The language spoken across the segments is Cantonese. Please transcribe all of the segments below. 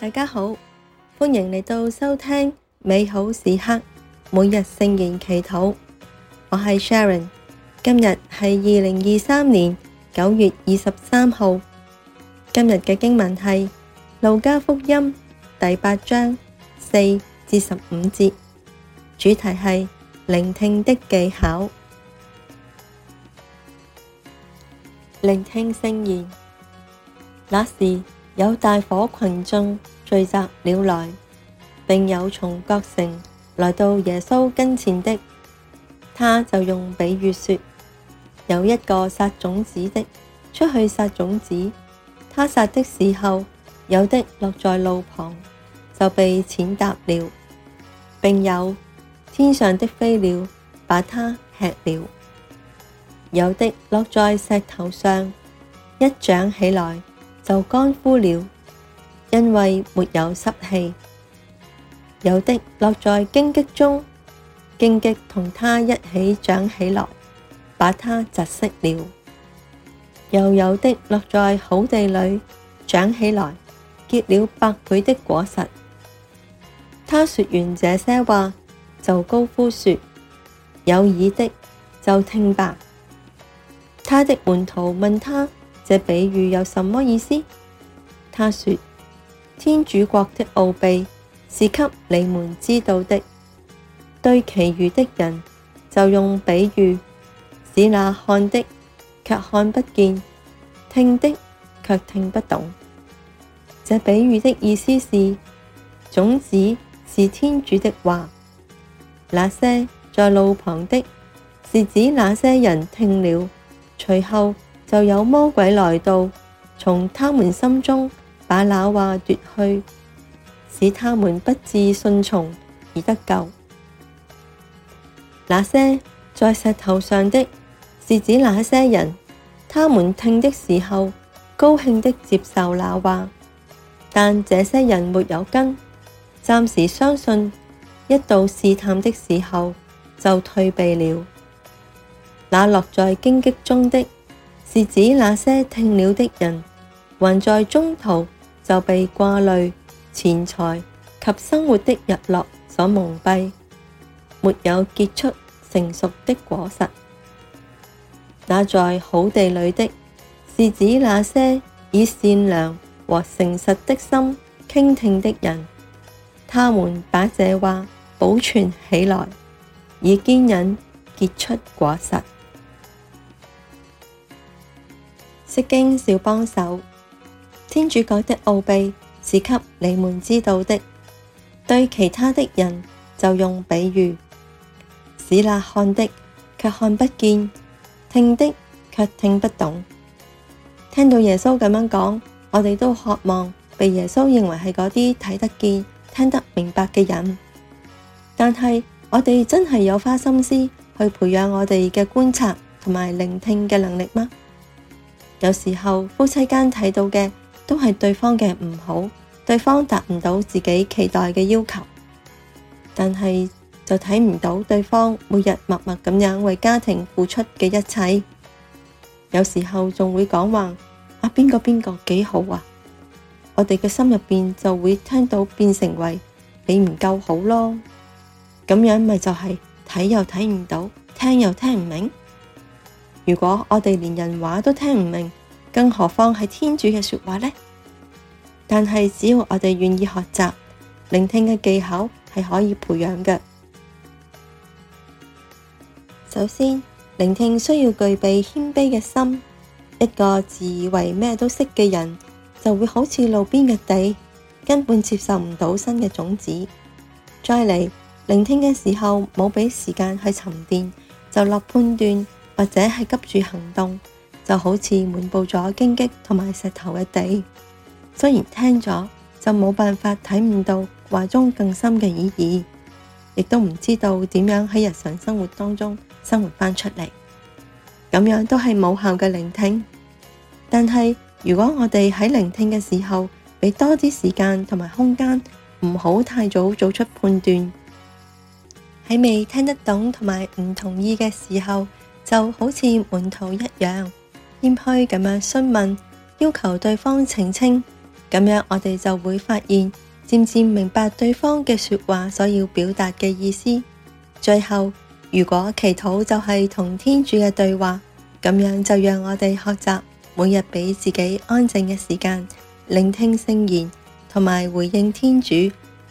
大家好，歡迎嚟到收聽美好時刻每日聖言祈禱。我係 Sharon，今日係二零二三年九月二十三號。今日嘅經文係路加福音第八章四至十五節，主題係聆聽的技巧。聆聽聖言，那時有大夥群眾，聚集了來，並有從各城來到耶穌跟前的，他就用比喻說：有一個撒種子的出去撒種子，他撒的時候，有的落在路旁，就被踐踏了，並有天上的飛鳥把它吃了；有的落在石頭上，一長起來就乾枯了。因為沒有濕氣，有的落在荊棘中，荊棘同它一起長起來，把它窒息了；又有的落在好地裡，長起來，結了百倍的果實。他說完這些話，就高呼說：有耳聽的就聽吧。他的門徒問他：這比喻有什麼意思？他說。天主國的奧秘是給你們知道的，對其餘的人就用比喻，使那看的却看不見，聽的却聽不懂。這比喻的意思是：種子是天主的話，那些在路旁的，是指那些人聽了，隨後就有魔鬼來到，從他們心中。把那話奪去，使他們不致信從而得救。那些在石頭上的，是指那些人，他們聽的時候高興的接受那話，但這些人沒有根，暫時相信，一到試探的時候就退避了。那落在荊棘中的，是指那些聽了的人，還在中途。就被掛慮、錢財及生活的逸樂所蒙蔽，沒有結出成熟的果實。那在好地裡的，是指那些以善良和誠實的心傾聽的人，他們把這話保存起來，以堅忍結出果實。釋經小幫手。，天主國的奧秘是給你們知道的。對其他的人，就用比喻，使那看的卻看不見，聽的卻聽不懂。聽到耶穌咁樣講，我哋都渴望被耶穌認為係嗰啲睇得見、聽得明白嘅人。但係我哋真係有花心思去培養我哋嘅觀察同埋聆聽嘅能力嗎？有時候夫妻間睇到嘅都係對方嘅唔好，對方達唔到自己期待嘅要求，但係就睇唔到對方每日默默咁樣為家庭付出嘅一切，有時候仲會講話阿邊個邊個幾好啊，我哋嘅心入邊就會聽到變成為你唔夠好咯，咁樣咪就係、是、睇又睇唔到，聽又聽唔明。如果我哋連人話都聽唔明。更何況係天主嘅說話呢？但係只要我哋願意學習，聆聽嘅技巧係可以培養嘅。首先，聆聽需要具備謙卑嘅心，一個自以為咩都識嘅人，就會好似路邊嘅地，根本接受唔到新嘅種子。再嚟，聆聽嘅時候，冇俾時間去沉澱，就落判斷或者係急住行動。就好似滿佈咗荊棘同埋石頭嘅地，雖然聽咗就冇辦法體悟到話中更深嘅意義，亦都唔知道點樣喺日常生活當中生活翻出嚟，咁樣都係冇效嘅聆聽。但係如果我哋喺聆聽嘅時候畀多啲時間同埋空間，唔好太早做出判斷，喺未聽得懂同埋唔同意嘅時候，就好似門徒一樣。謙虛咁樣詢問，要求對方澄清，咁樣我哋就會發現，漸漸明白對方嘅說話所要表達嘅意思。最後，如果祈禱就係同天主嘅對話，咁樣就讓我哋學習每日俾自己安靜嘅時間，聆聽聖言，同埋回應天主，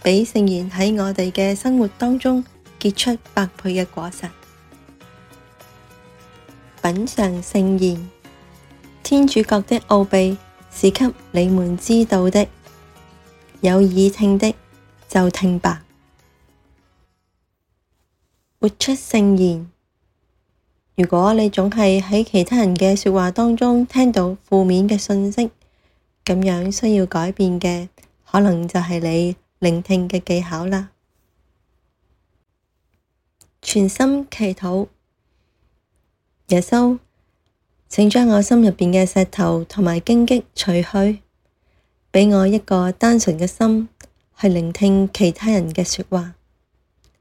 俾聖言喺我哋嘅生活當中結出百倍嘅果實。品嘗聖言。天主國的奧秘是給你們知道的，有耳聽的就聽吧，活出聖言。如果你總係喺其他人嘅說話當中聽到負面嘅訊息，咁樣需要改變嘅可能就係你聆聽嘅技巧啦。全心祈禱，耶穌。請將我心入邊嘅石頭同埋荊棘除去，畀我一個單純嘅心去聆聽其他人嘅說話。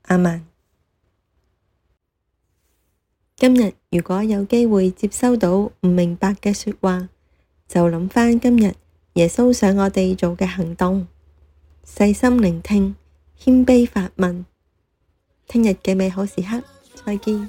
阿曼，今日如果有機會接收到唔明白嘅說話，就諗翻今日耶穌想我哋做嘅行動，細心聆聽，謙卑發問。聽日嘅美好時刻，再見。